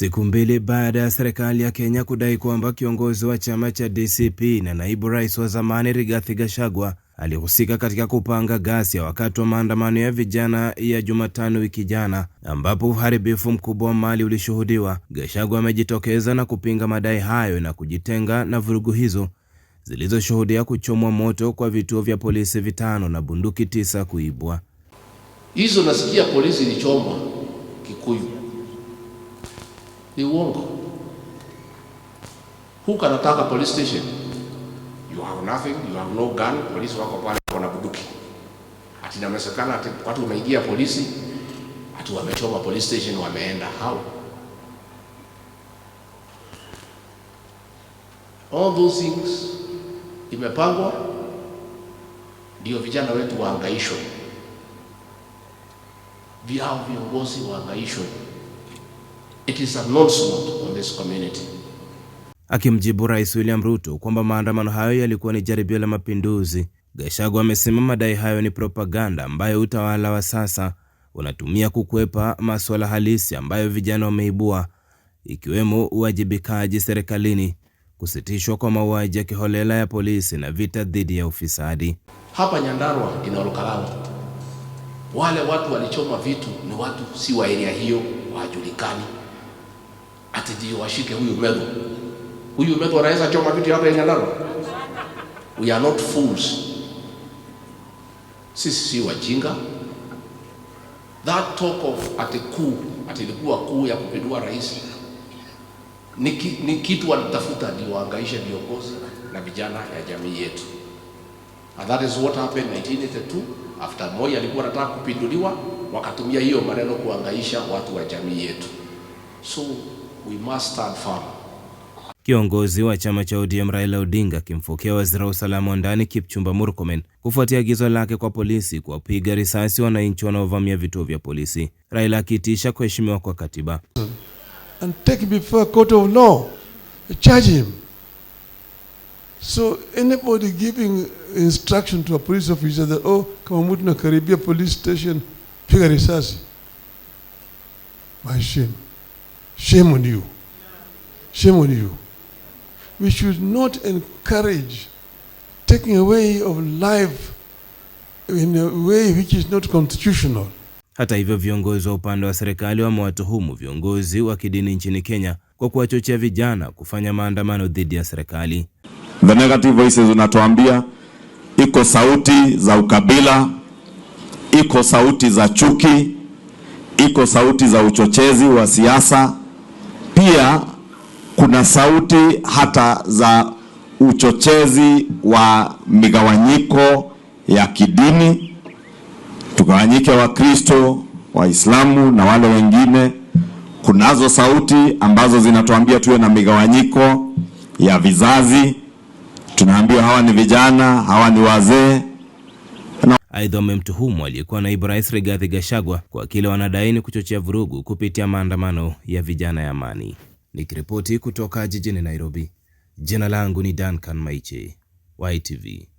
siku mbili baada ya serikali ya Kenya kudai kwamba kiongozi wa chama cha DCP na naibu rais wa zamani Rigathi Gachagua alihusika katika kupanga ghasia wakati wa maandamano ya vijana ya Jumatano wiki jana, ambapo uharibifu mkubwa wa mali ulishuhudiwa. Gachagua amejitokeza na kupinga madai hayo na kujitenga na vurugu hizo zilizoshuhudia kuchomwa moto kwa vituo vya polisi vitano na bunduki tisa kuibwa. Hizo nasikia polisi ilichomwa Kikuyu ni uongo. Huku anataka police station, you have nothing, you have no gun. Polisi wako pale wana bunduki, ati inamesekana ati watu wameingia polisi, ati wamechoma police station, wameenda how All those things imepangwa ndio vijana wetu waangaishwe, vyao viongozi waangaishwe. It is on this community. Akimjibu Rais William Ruto kwamba maandamano hayo yalikuwa ni jaribio la mapinduzi, Gachagua amesema madai hayo ni propaganda ambayo utawala wa sasa unatumia kukwepa masuala halisi ambayo vijana wameibua ikiwemo uwajibikaji serikalini, kusitishwa kwa mauaji ya kiholela ya polisi na vita dhidi ya ufisadi. Hapa Nyandarua inaolokalala, wale watu walichoma vitu ni watu si wa eneo hiyo, wajulikani washike huyu medho. Huyu medho anaweza choma vitu hapa Nyandarua. We are not fools. Sisi si wajinga. That talk of ati kuu ati ilikuwa kuu ya kupindua rais ni, ki, ni kitu wanatafuta ndio waangaishe viongozi na vijana ya jamii yetu. And that is what happened 1982 after Moi alikuwa anataka kupinduliwa, wakatumia hiyo maneno kuangaisha watu wa jamii yetu so we must stand firm. Kiongozi wa chama cha ODM Raila Odinga akimfokea waziri wa usalama wa ndani Kipchumba Murkomen kufuatia agizo lake kwa polisi kuwapiga risasi wananchi wanaovamia vituo vya polisi, Raila akiitisha kuheshimiwa kwa katiba. And take before court of law. Charge him. So anybody giving instruction to a police officer that, oh, kama mtu nakaribia police station, piga risasi. My shame. Shame on you. Shame on you. We should not encourage taking away of life in a way which is not constitutional. Hata hivyo, viongozi wa upande wa serikali wamewatuhumu viongozi wa kidini nchini Kenya kwa kuwachochea vijana kufanya maandamano dhidi ya serikali. The negative voices unatuambia iko sauti za ukabila, iko sauti za chuki, iko sauti za uchochezi wa siasa pia kuna sauti hata za uchochezi wa migawanyiko ya kidini, tugawanyike Wakristo, Waislamu na wale wengine. Kunazo sauti ambazo zinatuambia tuwe na migawanyiko ya vizazi, tunaambiwa hawa ni vijana, hawa ni wazee Aidha, wamemtuhumu aliyekuwa naibu rais Rigathi Gachagua kwa kile wanadaini kuchochea vurugu kupitia maandamano ya vijana ya amani. Nikiripoti kutoka jijini Nairobi, jina langu ni Duncan Maiche, YTV.